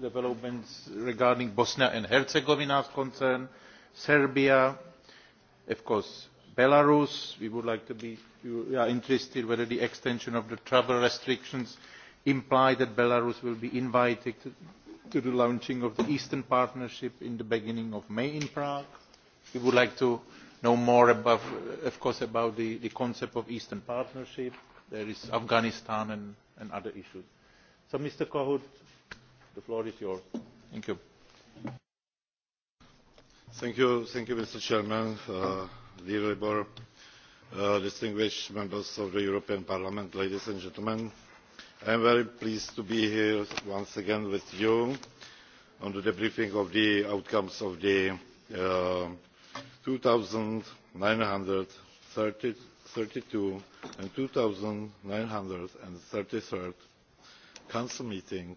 developments regarding bosnia and herzegovina are concerned serbia of course belarus we would like to be we are interested whether the extension of the travel restrictions imply that belarus will be invited to, the launching of the eastern partnership in the beginning of may in prague. we would like to know more about, of course about the, the concept of eastern partnership there is afghanistan and, other issues. so mr Kohut, The floor is yours. Thank you. Thank you, thank you Mr. Chairman, uh, dear Labour, uh, distinguished members of the European Parliament, ladies and gentlemen. I am very pleased to be here once again with you on the debriefing of the outcomes of the uh, two thousand nine hundred and thirty two and two thousand nine hundred and thirty three council meeting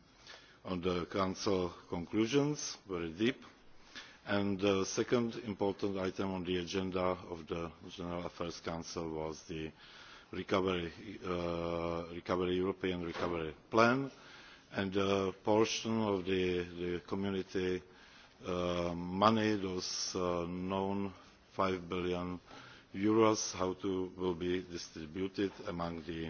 on the council conclusions very deep and the second important item on the agenda of the general affairs council was the recovery, uh, european recovery plan and a portion of the, the community uh, money those uh, known five billion euros how to will be distributed among the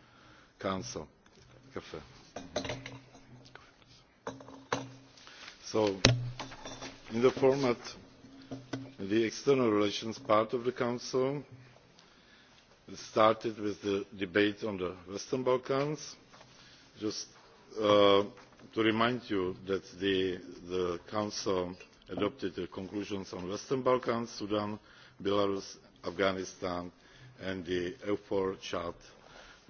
Council. So, in the format, the external relations part of the Council we started with the debate on the Western Balkans. Just uh, to remind you that the, Council adopted the conclusions on the Western Balkans, Sudan, Belarus, Afghanistan, and the EUFOR Chart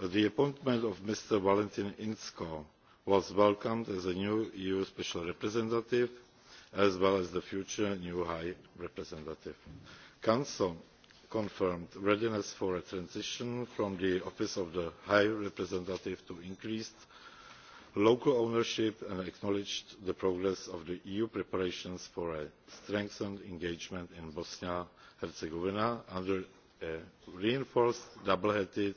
the appointment of mr valentin inzko was welcomed as a new eu special representative as well as the future new high representative. the council confirmed readiness for a transition from the office of the high representative to increased local ownership and acknowledged the progress of the eu preparations for a strengthened engagement in bosnia and herzegovina under a reinforced double headed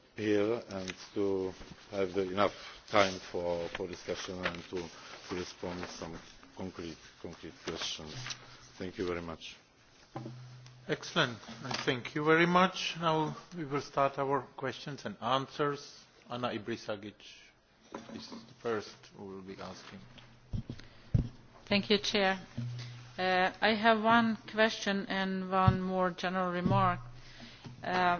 here and to have enough time for, discussion and to, respond to some concrete, questions. Thank you very much. Excellent. thank you very much. Now we will start our questions and answers. Anna Ibrisagic is the first who will be asking. Thank you, Chair. Uh, I have one question and one more general remark. Uh,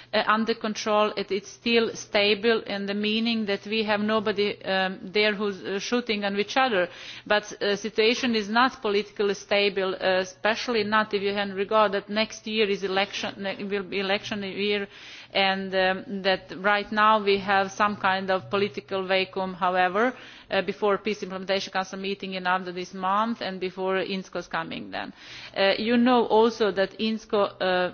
Uh, under control it is still stable in the meaning that we have nobody um, there who is uh, shooting at each other but the uh, situation is not politically stable especially not if you have in regard that next year is election will be election year and um, that right now we have some kind of political vacuum however before the peace implementation council meeting in under this month and before INSCO is coming then. you know also that INSCO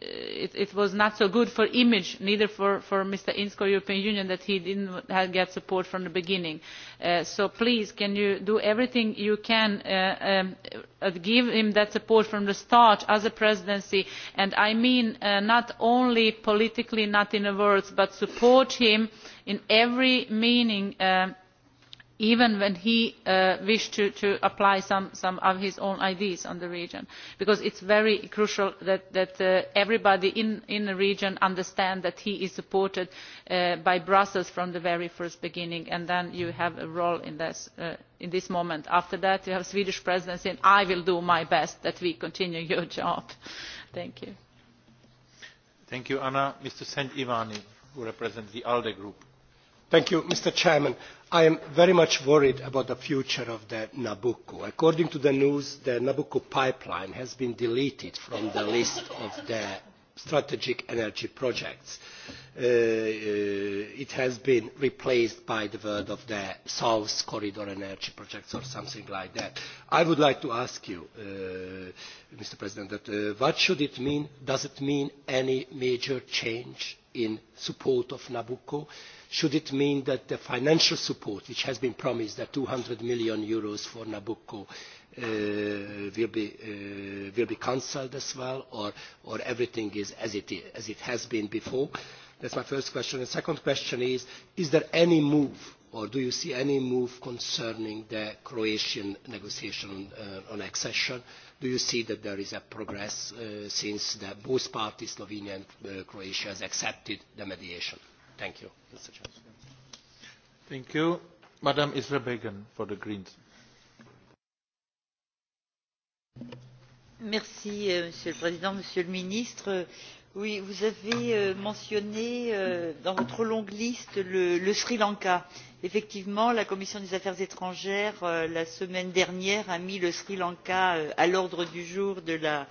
it, it was not so good for image neither for, for mr ince or the european union that he did not get support from the beginning. Uh, so please can you do everything you can uh, um, uh, give him that support from the start as a presidency and i mean uh, not only politically not in words but support him in every meaning um, even when he uh, wished to, to apply some, some of his own ideas on the region because it is very crucial that, uh, everybody in, the region understands that he is supported uh, by brussels from the very first beginning and then you have a role in this, in this moment. after that you have the swedish presidency and i will do my best that we continue your job. thank you. mr ivani who represents the alde group. You, mr president i am very much worried about the future of the nabucco. according to the news the nabucco pipeline has been deleted from the list of the strategic energy projects. Uh, uh it has been replaced by the word of the south corridor energy projects or something like that. i would like to ask you uh, mr president that, uh, what should it mean? does it mean any major change in support of Nabucco? Should it mean that the financial support, which has been promised, that 200 million euros for Nabucco, uh, will be, uh, will be cancelled as well, or, or everything is as it, is, as it has been before? That's my first question. The second question is, is there any move or do you see any move concerning the Croatian negotiation uh, on accession? Do you see that there is a progress uh, since both parties, Slovenia and uh, Croatia, has accepted the mediation? Thank you, Thank you. Madam Isra for the Greens. Merci, euh, Monsieur le Président, Monsieur le Ministre Oui, vous avez euh, mentionné euh, dans votre longue liste le, sri lanka. effectivement la commission des affaires étrangères euh, la semaine dernière a mis le sri lanka à l'ordre du jour de la,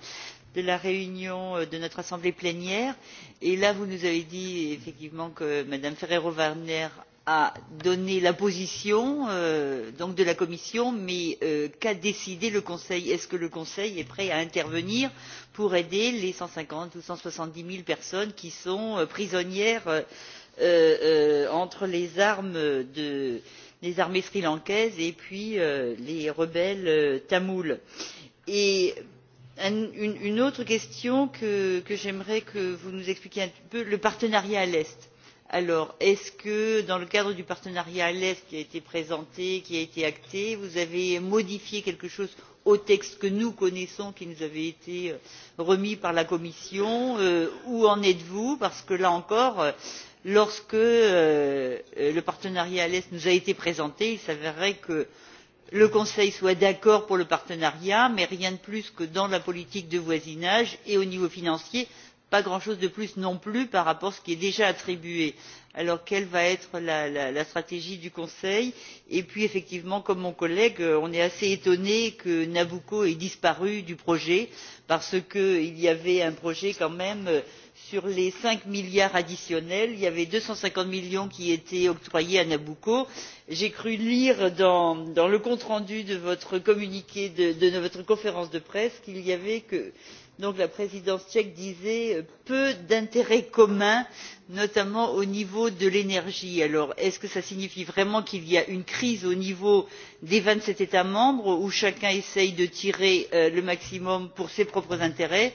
de la réunion de notre assemblée plénière et là vous nous avez dit effectivement que mme ferrero waldner a donné la position euh, de la commission mais euh, qu'a décidé le conseil? est ce que le conseil est prêt à intervenir pour aider les cent cinquante ou cent soixante dix zéro personnes qui sont euh, prisonnières entre les armes des armées sri lankaises et puis les rebelles tamouls? Et une, autre question que, que j'aimerais que vous nous expliquiez un peu le partenariat à l'est alors est ce que dans le cadre du partenariat à l'est qui a été présenté qui a été acté vous avez modifié quelque chose au texte que nous connaissons qui nous avait été euh, remis par la commission euh, où en êtes vous parce que là encore euh, lorsque le partenariat à l'est nous a été présenté il s'avérait que le conseil soit d'accord pour le partenariat mais rien de plus que dans la politique de voisinage et au niveau financier pas grand chose de plus non plus par rapport à ce qui est déjà attribué. alors quelle va être la, stratégie du conseil? et puis effectivement comme mon collègue euh, on est assez étonnés que nabucco ait disparu du projet parce qu'il y avait un projet quand même euh, sur les cinq milliards additionnels il y avait deux cent cinquante millions qui étaient octroyés à nabucco. j'ai cru lire dans, le compte rendu de votre communiqué de, votre conférence de presse qu'il n'y avait que donc la présidence tchèque disait euh, peu d'intérêts communs notamment au niveau de l'énergie. alors est ce que cela signifie vraiment qu'il y a une crise au niveau des vingt sept états membres où chacun essaie de tirer euh, le maximum pour ses propres intérêts?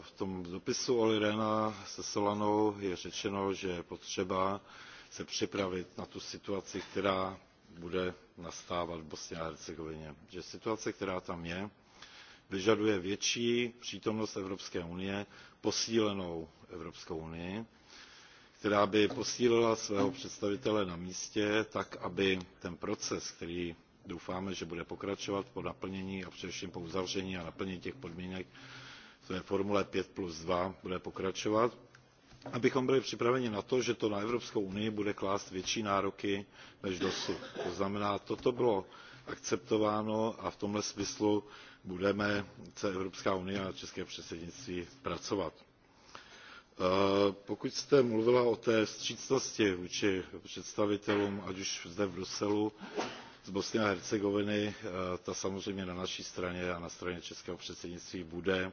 v tom dopisu Olli Rena se Solanou je řečeno, že je potřeba se připravit na tu situaci, která bude nastávat v Bosně a Hercegovině. Že situace, která tam je, vyžaduje větší přítomnost Evropské unie, posílenou Evropskou unii, která by posílila svého představitele na místě tak, aby ten proces, který doufáme, že bude pokračovat po naplnění a především po uzavření a naplnění těch podmínek, ve formule 5 plus 2 bude pokračovat, abychom byli připraveni na to, že to na Evropskou unii bude klást větší nároky než dosud. To znamená, toto bylo akceptováno a v tomhle smyslu budeme Evropská unie a České předsednictví pracovat. E, pokud jste mluvila o té vstřícnosti vůči představitelům, ať už zde v Bruselu, z Bosny a Hercegoviny, e, ta samozřejmě na naší straně a na straně českého předsednictví bude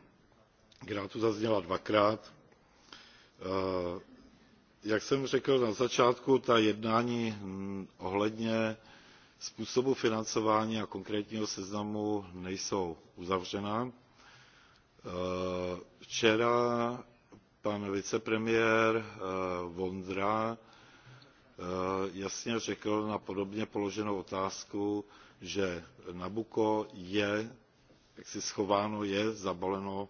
která tu zazněla dvakrát. E, jak jsem řekl na začátku, ta jednání hm, ohledně způsobu financování a konkrétního seznamu nejsou uzavřená. E, včera pan vicepremiér e, Vondra jasně řekl na podobně položenou otázku, že Nabuko je, jak si schováno je, zabaleno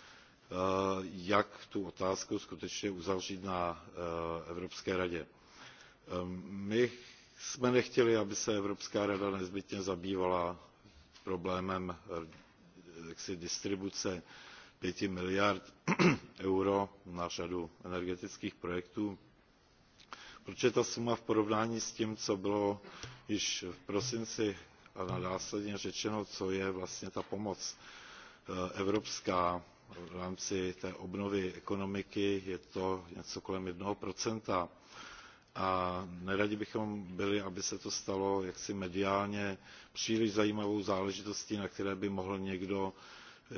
Eh, jak tu otázku skutečně uzavřít na eh, Evropské radě. Ehm, my jsme nechtěli, aby se Evropská rada nezbytně zabývala problémem eh, jaksi distribuce pěti miliard euro na řadu energetických projektů, protože ta suma v porovnání s tím, co bylo již v prosinci a následně řečeno, co je vlastně ta pomoc evropská v rámci té obnovy ekonomiky je to něco kolem jednoho procenta a neradi bychom byli, aby se to stalo jaksi mediálně příliš zajímavou záležitostí, na které by mohl někdo e,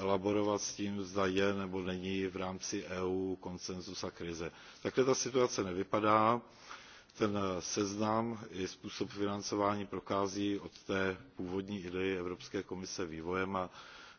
elaborovat s tím, zda je nebo není v rámci EU konsenzus a krize. Takhle ta situace nevypadá. Ten seznam i způsob financování prokází od té původní idei Evropské komise vývojem a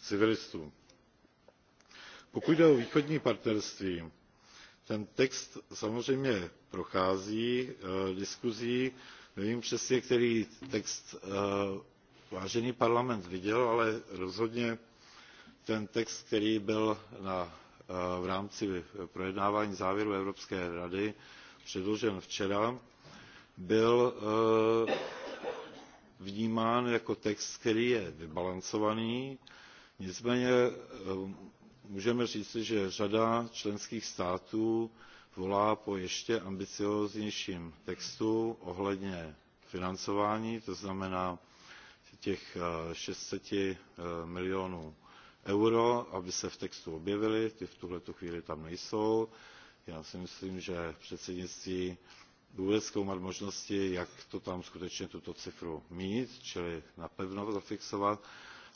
civilistů. Pokud jde o východní partnerství, ten text samozřejmě prochází diskusí eh, diskuzí. Nevím přesně, který text eh, vážený parlament viděl, ale rozhodně ten text, který byl eh, v rámci projednávání závěru Evropské rady předložen včera, byl vnímán jako text, který je vybalancovaný, nicméně eh, můžeme říci že řada členských států volá po ještě ambicióznějším textu ohledně financování to znamená těch 600 eh, eh, milionů euro, aby se v textu objevily, ty v tuhle chvíli tam nejsou. Já si myslím, že předsednictví bude zkoumat možnosti, jak to tam skutečně tuto cifru mít, čili napevno zafixovat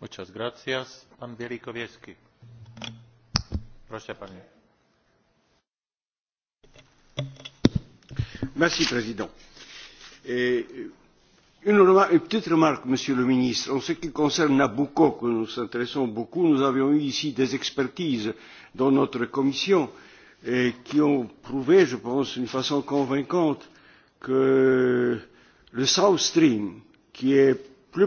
monsieur le président une petite remarque monsieur le ministre en ce qui concerne nabucco à laquelle nous nous intéressons beaucoup nous avons eu ici des expertises dans notre commission qui ont prouvé je pense d'une façon convaincante que le south stream qui est plus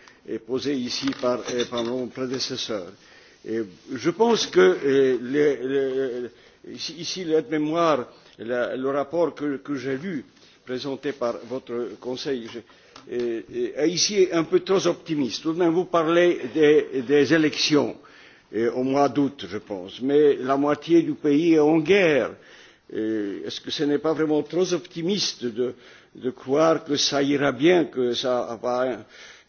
posée ici par, euh, mon prédécesseur. je pense que euh, le, ici l'aide mémoire le rapport que, j'ai lu présenté par votre conseil est euh, ici un peu trop optimiste. tout de même vous parlez des, élections au mois d'août je pense mais la moitié du pays est en guerre. est ce que ce n'est pas vraiment trop optimiste de croire que ça ira bien que ça va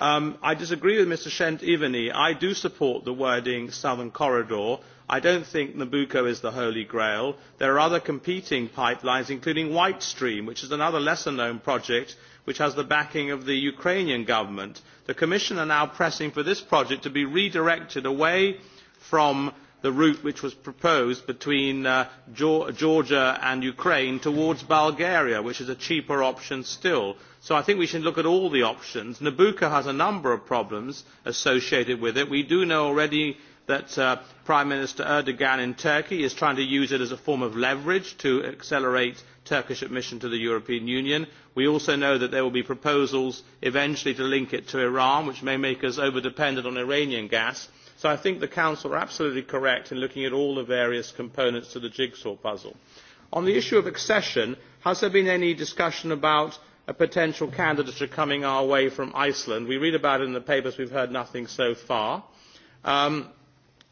Um, I disagree with Mr. Shent I do support the wording Southern Corridor. I do not think Nabucco is the holy grail. There are other competing pipelines, including White Stream, which is another lesser known project which has the backing of the Ukrainian government. The Commission are now pressing for this project to be redirected away from the route which was proposed between uh, Georgia and Ukraine towards Bulgaria, which is a cheaper option still so i think we should look at all the options. nabucco has a number of problems associated with it. we do know already that uh, prime minister erdoan in turkey is trying to use it as a form of leverage to accelerate turkish admission to the european union. we also know that there will be proposals eventually to link it to iran which may make us over dependent on iranian gas. so i think the council are absolutely correct in looking at all the various components to the jigsaw puzzle. on the issue of accession has there been any discussion about a potential candidature coming our way from iceland. we read about it in the papers we have heard nothing so far. Um,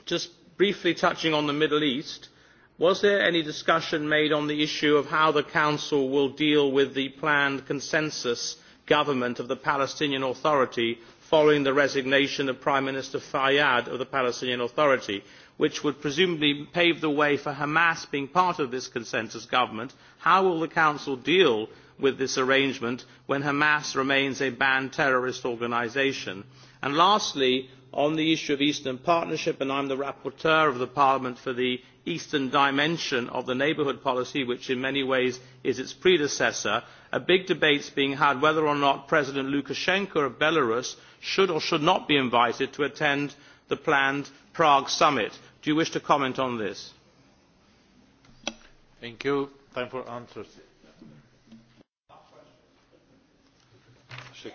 just briefly touching on the middle east was there any discussion made on the issue of how the council will deal with the planned consensus government of the palestinian authority following the resignation of prime minister fayyad of the palestinian authority which would presumably pave the way for hamas being part of this consensus government how will the council deal with this arrangement when hamas remains a banned terrorist organisation. lastly on the issue of the eastern partnership and i am the rapporteur of the parliament for the eastern dimension of the neighbourhood policy which in many ways is its predecessor a big debate is being had whether or not president lukashenko of belarus should or should not be invited to attend the planned prague summit. do you wish to comment on this? E,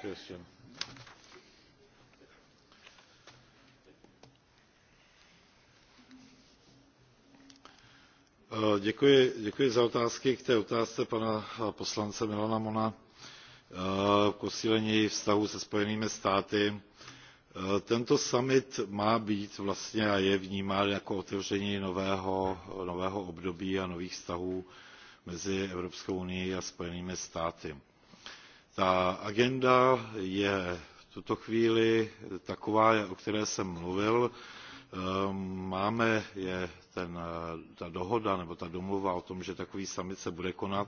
děkuji, za otázky k té otázce pana poslance milana mona e, k posílení vztahů se spojenými státy. E, tento summit má být vlastně a je vnímán jako otevření nového, nového období a nových vztahů mezi evropskou unií a spojenými státy ta agenda je v tuto chvíli taková, o které jsem mluvil. Ehm, máme je ten, ta dohoda nebo ta domluva o tom, že takový summit se bude konat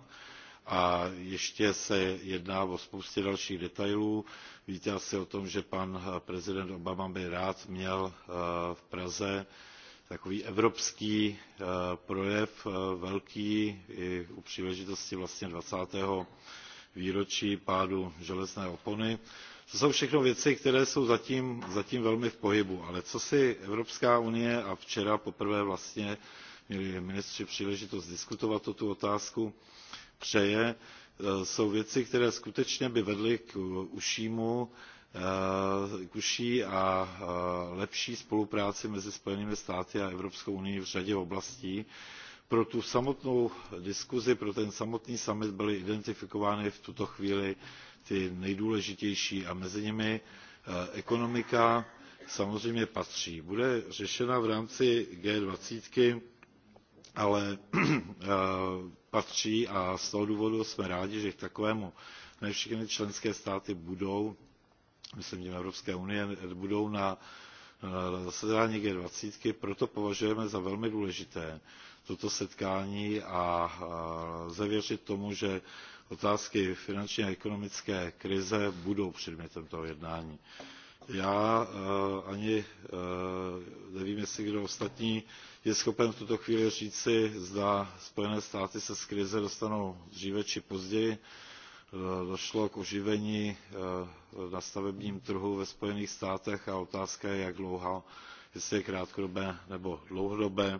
a ještě se jedná o spoustě dalších detailů. Víte asi o tom, že pan prezident Obama by rád měl eh, v Praze takový evropský eh, projev eh, velký i u příležitosti vlastně 20 výročí pádu železné opony. To jsou všechno věci, které jsou zatím, zatím velmi v pohybu. Ale co si Evropská unie a včera poprvé vlastně měli ministři příležitost diskutovat o tu otázku, přeje, eh, jsou věci, které skutečně by vedly k ušímu eh, k užší a eh, lepší spolupráci mezi Spojenými státy a Evropskou unií v řadě oblastí pro tu samotnou diskuzi, pro ten samotný summit byly identifikovány v tuto chvíli ty nejdůležitější a mezi nimi eh, ekonomika samozřejmě patří. Bude řešena v rámci g twenty ale eh, patří a z toho důvodu jsme rádi, že k takovému ne všechny členské státy budou, myslím tím Evropské unie, budou na zasedání g twenty proto považujeme za velmi důležité, toto setkání a zavěřit tomu, že otázky finanční a ekonomické krize budou předmětem toho jednání. Já e, ani e, nevím, jestli kdo ostatní je schopen v tuto chvíli říci, zda Spojené státy se z krize dostanou dříve či později. E, došlo k oživení na stavebním trhu ve Spojených státech a otázka je, jak dlouhá, jestli je krátkodobé nebo dlouhodobé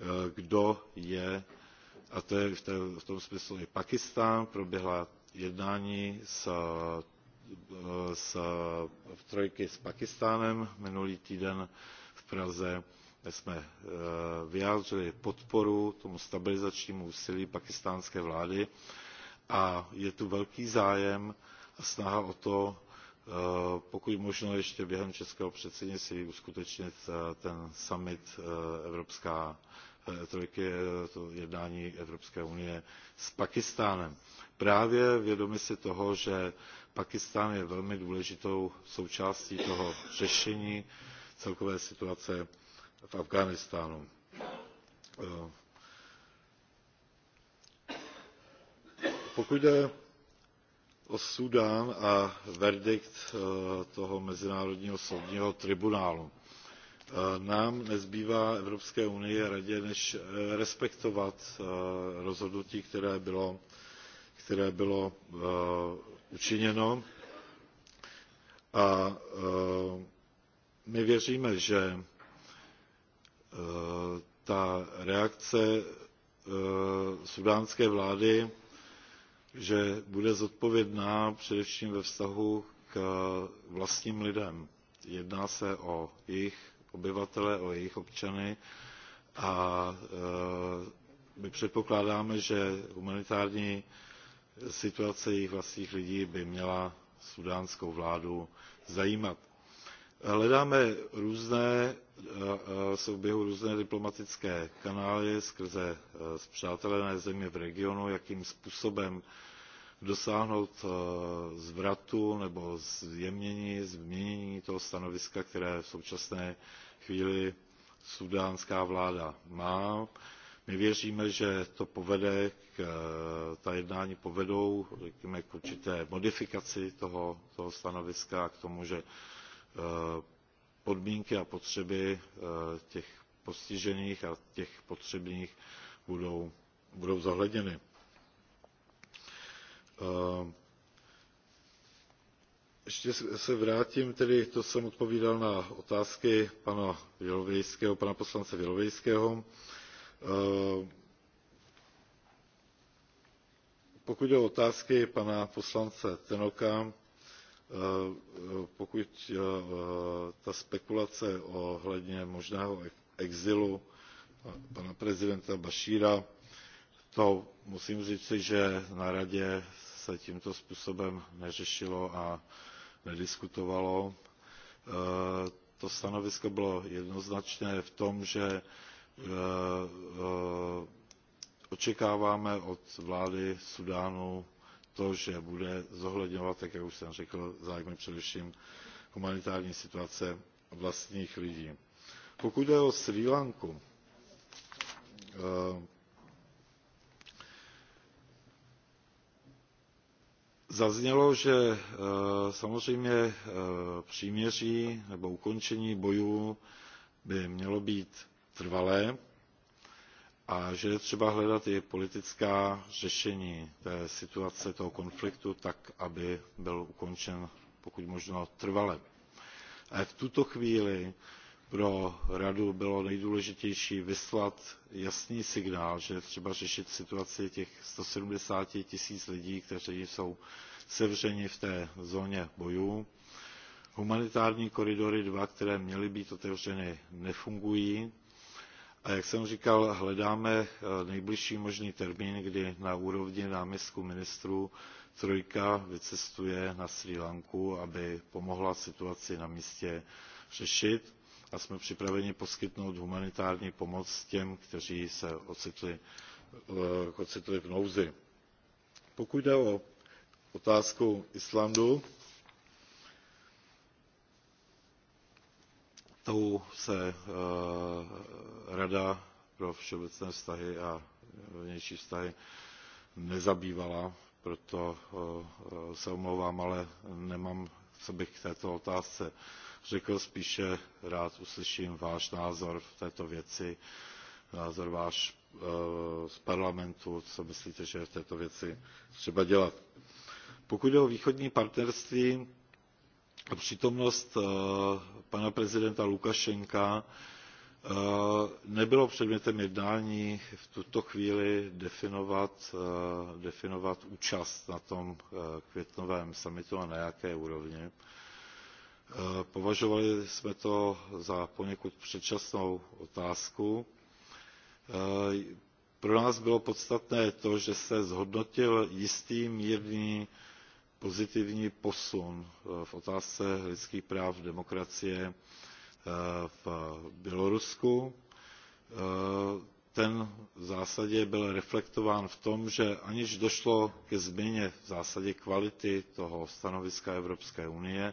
Eh, kdo je a to je v, té, v tom smyslu i Pakistán, proběhla jednání s, eh, s, v trojky s Pakistánem minulý týden v Praze, kde jsme eh, vyjádřili podporu tomu stabilizačnímu úsilí pakistánské vlády a je tu velký zájem a snaha o to, pokud možno ještě během českého předsednictví uskutečnit ten summit Evropská E, trojky to jednání Evropské unie s Pakistánem. Právě vědomi si toho, že Pakistán je velmi důležitou součástí toho řešení celkové situace v Afghánistánu. E, pokud jde o Súdán a verdikt e, toho Mezinárodního soudního tribunálu, E, nám nezbývá Evropské unii a radě, než e, respektovat e, rozhodnutí, které bylo, které bylo učiněno. A my věříme, že ta reakce sudánské vlády že bude zodpovědná především ve vztahu k vlastním lidem. Jedná se o jejich obyvatele, o jejich občany a e, my předpokládáme, že humanitární situace jejich vlastních lidí by měla sudánskou vládu zajímat. Hledáme různé, e, e, souběhu různé diplomatické kanály skrze zpřátelené země v regionu, jakým způsobem dosáhnout eh, zvratu nebo zjemnění, změnění toho stanoviska, které v současné chvíli sudánská vláda má. My věříme, že to povede, k, eh, ta jednání povedou řekněme, k určité modifikaci toho, toho stanoviska k tomu, že eh, podmínky a potřeby těch postižených a těch potřebných budou, budou zohledněny Ještě ehm, se vrátím, tedy to jsem odpovídal na otázky pana Vělovejského, pana poslance Vělovejského. Ehm, pokud je o otázky pana poslance Tenoka, ehm, pokud ta spekulace ohledně možného exilu pana prezidenta Bašíra, to musím říci, že na radě se tímto způsobem neřešilo a nediskutovalo. E, to stanovisko bylo jednoznačné v tom, že e, e, očekáváme od vlády Sudánu to, že bude zohledňovat, tak jak už jsem řekl, zájmy především humanitární situace vlastních lidí. Pokud jde o Sri Lanku, Zaznělo, že e, samozřejmě e, příměří nebo ukončení bojů by mělo být trvalé a že je třeba hledat i politická řešení té situace, toho konfliktu, tak, aby byl ukončen pokud možno trvale. A v tuto chvíli pro radu bylo nejdůležitější vyslat jasný signál, že je třeba řešit situaci těch 170 tisíc lidí, kteří jsou sevřeni v té zóně bojů. Humanitární koridory dva, které měly být otevřeny, nefungují. A jak jsem říkal, hledáme eh, nejbližší možný termín, kdy na úrovni náměstku ministrů Trojka vycestuje na Sri Lanku, aby pomohla situaci na místě řešit a jsme připraveni poskytnout humanitární pomoc těm, kteří se ocitli, eh, ocitli v nouzi. Pokud jde o otázku Islandu, tou se eh, Rada pro všeobecné vztahy a vnější vztahy nezabývala, proto eh, se omlouvám, ale nemám, co bych k této otázce řekl, spíše rád uslyším váš názor v této věci, názor váš eh, z parlamentu, co myslíte, že je v této věci třeba dělat. Pokud jde o východní partnerství, přítomnost eh, pana prezidenta Lukašenka eh, nebylo předmětem jednání v tuto chvíli definovat, definovat účast na tom květnovém summitu a na jaké úrovni. Považovali jsme to za poněkud předčasnou otázku. E, pro nás bylo podstatné to, že se zhodnotil jistý mírný pozitivní posun e, v otázce lidských práv demokracie e, v Bělorusku. Ten v zásadě byl reflektován v tom, že aniž došlo ke změně v zásadě kvality toho stanoviska Evropské unie,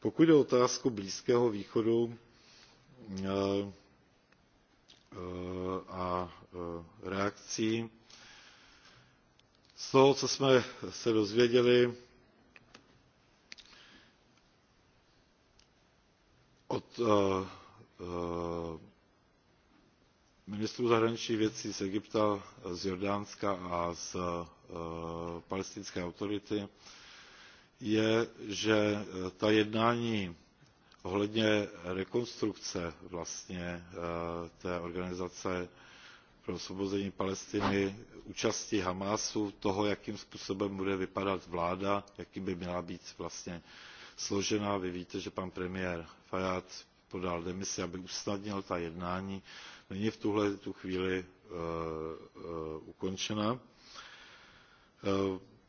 Pokud je otázku Blízkého východu eh, eh, a eh, reakcí, z toho, co jsme se dozvěděli od ministrů zahraničních věcí z Egypta, z Jordánska a z palestinské autority, je, že e, ta jednání ohledně rekonstrukce vlastně e, té organizace pro osvobození Palestiny, účasti Hamásu, toho, jakým způsobem bude vypadat vláda, jaký by měla být vlastně složená. Vy víte, že pan premiér Fajad podal demisi, aby usnadnil ta jednání. Není v tuhle tu chvíli uh, uh, ukončena. Uh,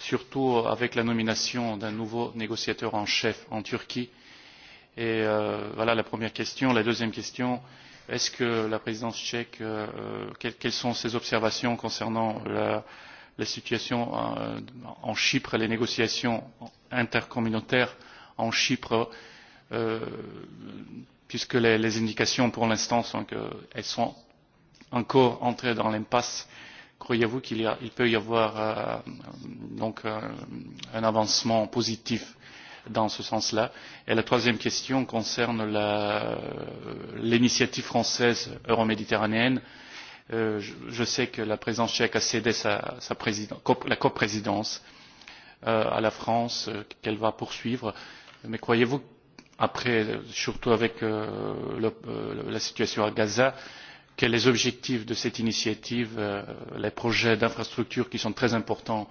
surtout avec la nomination d'un nouveau négociateur en chef en Turquie. Et euh, voilà la première question. La deuxième question, est-ce que la présidence tchèque, euh, euh quelles, quelles sont ses observations concernant la, la situation euh, en Chypre, les négociations intercommunautaires en Chypre, euh, puisque les, les indications pour l'instant sont qu'elles sont encore entrées dans l'impasse croyez-vous qu'il peut y avoir euh, donc euh, un avancement positif dans ce sens-là Et la troisième question concerne l'initiative française euroméditerranéenne. Euh, je, je sais que la présidence tchèque a cédé sa, sa la coprésidence euh, à la France, euh, qu'elle va poursuivre. Mais croyez-vous, après, surtout avec euh, le, euh, la situation à Gaza, que les objectifs de cette initiative euh, les projets d'infrastructures qui sont très importants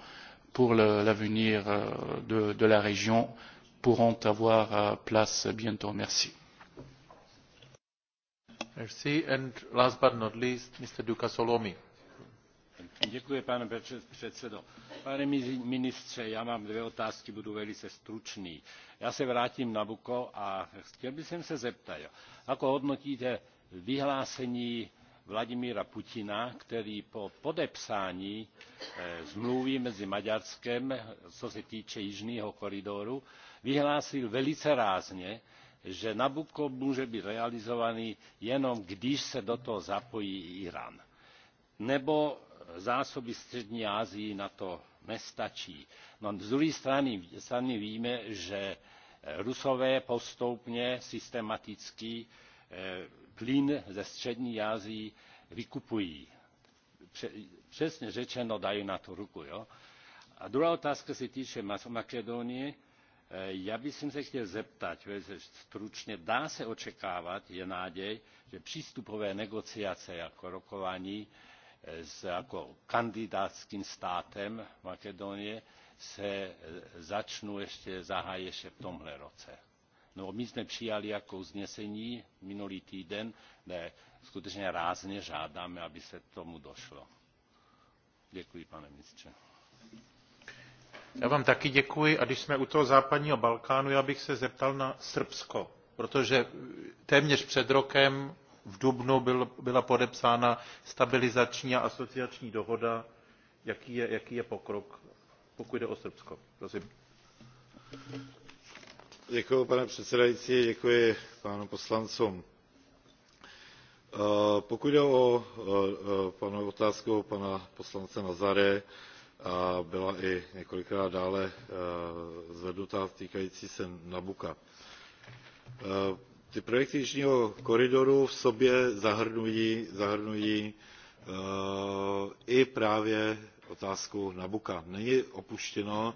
pour l'avenir euh, de, la région pourront avoir euh, place bientôt. merci. Merci. And last but not least, Mr. Duka Solomi. Ďakujem, pán predsedo. Pane ministře, ja mám dve otázky, budú stručný. Ja sa vrátim na Buko a by som sa zeptať, ako hodnotíte vyhlásení vladimíra putina který po podepsání eh, zmluvy mezi maďarskem co se týče jižního koridoru vyhlásil velice rázne že nabucco môže byť realizovaný jenom když sa do toho zapojí irán nebo zásoby střední ázii na to nestačí. no z druhej strany, strany víme že eh, rusové postupne systematicky eh, plyn ze střední asii vykupují. přesně řečeno dají na to ruku. Jo? a druhá otázka se týče makedonie. E, ja by som sa chtěl zeptat že stručne dá sa očakávať je nádej že prístupové negociácie ako rokovaní e, s ako kandidátským státem makedónie sa e, začnú ešte zahájia v tomhle roce. No my sme přijali ako uznesení minulý týden, kde skutečne rázne žádame, aby sa tomu došlo. Děkuji, pane ministře. Já vám taky děkuji a když jsme u toho západního Balkánu, já bych se zeptal na Srbsko, protože téměř před rokem v Dubnu byl, byla podepsána stabilizační a asociační dohoda. Jaký je, jaký je pokrok, pokud jde o Srbsko? Prosím. Děkuji, pane předsedající, děkuji pánu poslancům. Eh, pokud jde o otázku pana poslance Nazare, a byla i několikrát dále eh, zvednutá týkající se nabucca eh, Ty projekty Jižního koridoru v sobě zahrnují, i právě otázku nabucca. Není opuštěno,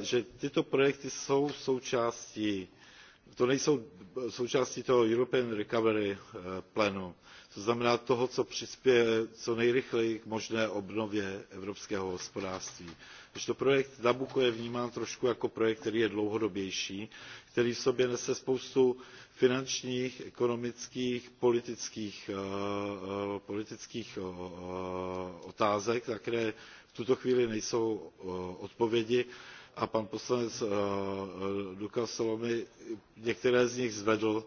že tyto projekty jsou součástí, to nejsou součástí toho European Recovery eh, plánu, to znamená toho, co přispěje co nejrychleji k možné obnově evropského hospodářství. Když to projekt Nabucco je vnímán trošku jako projekt, který je dlouhodobější, který v sobě nese spoustu finančních, ekonomických, politických, uh, politických uh, otázek, na které v tuto chvíli nejsou e, odpovědi a pan poslanec e, e, Luka Salomy některé z nich zvedl.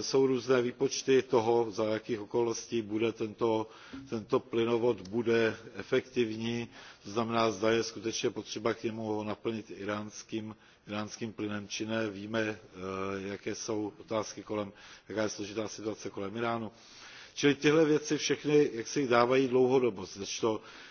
Jsou různé výpočty toho, za jakých okolností bude tento, plynovod bude efektivní, to znamená, zda je skutečně potřeba k němu ho naplnit iránským, plynem či ne. Víme, jaké jsou otázky kolem, jaká je složitá situace kolem Iránu. Čili tyhle věci všechny, jak si dávají dlouhodobost, kdežto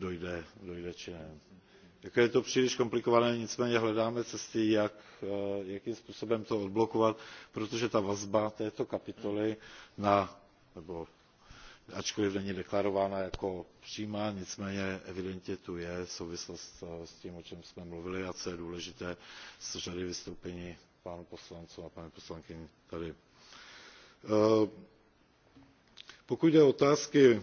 dojde, dojde či ne. Jako je to příliš komplikované, nicméně hledáme cesty, jak, eh, jakým způsobem to odblokovat, protože ta vazba této kapitoly na, nebo ačkoliv není deklarována jako přímá, nicméně evidentně tu je souvislost eh, s tím, o čem jsme mluvili a co je důležité z řady vystoupení pánu poslanců a paní poslankyni tady. Eh, pokud jde o otázky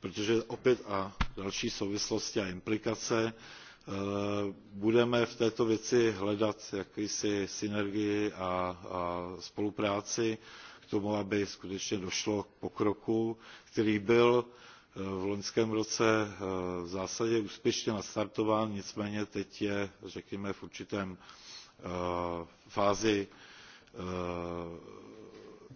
protože opět a další souvislosti a implikace eh, budeme v této věci hledat jakýsi synergii a, a spolupráci k tomu, aby skutečně došlo k pokroku, který byl eh, v loňském roce eh, v zásadě úspěšně nastartován, nicméně teď je, řekněme, v určitém fázi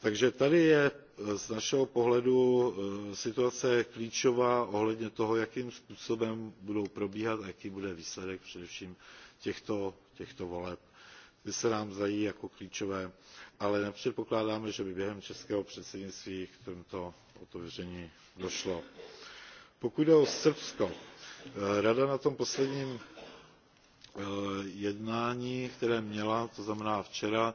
takže tady je e, z našeho pohledu e, situace klíčová ohledně toho jakým způsobem budou probíhat a jaký bude výsledek především těchto, těchto voleb. ty se nám zají jako klíčové ale nepředpokládáme že by během českého předsednictví k tomto otevření došlo. pokud jde o srbsko e, rada na tom posledním jednání které měla to znamená včera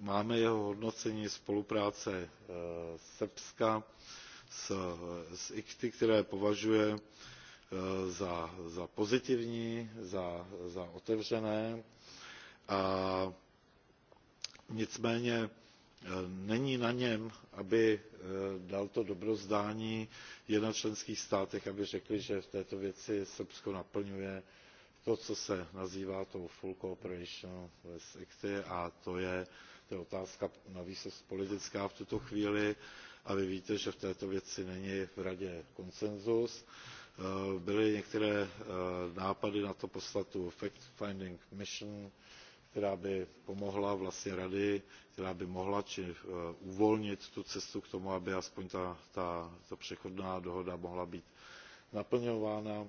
máme jeho hodnocení spolupráce e, srbska s, s icty které považuje e, za, za pozitivní za, za otevřené a nicméně e, není na něm aby dal to dobrozdání je na členských státech aby řekli že v této věci srbsko naplňuje to, co se nazývá tou full cooperation with acty a to je, to je otázka navíc politická v tuto chvíli a vy víte, že v této věci není v radě konsenzus. E, byly některé e, nápady na to poslatu fact-finding mission, která by pomohla vlastně rady, která by mohla či e, uvolnit tu cestu k tomu, aby aspoň ta, ta, ta přechodná dohoda mohla být naplňována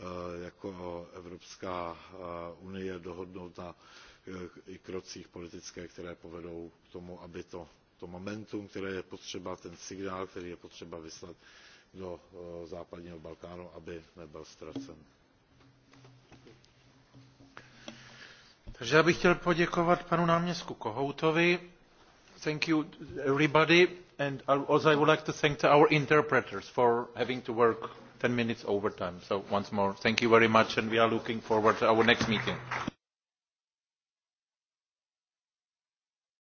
Eh, jako Evropská eh, unie dohodnout na eh, i krocích politické, které povedou k tomu, aby to, to momentum, které je potřeba, ten signál, který je potřeba vyslat do západního Balkánu, aby nebyl ztracen. Takže já bych chtěl poděkovat panu náměstku Kohoutovi. Thank you everybody and also I would like to thank our interpreters for having to work ten minutes over time, So once more, thank you very much and we are looking forward to our next meeting.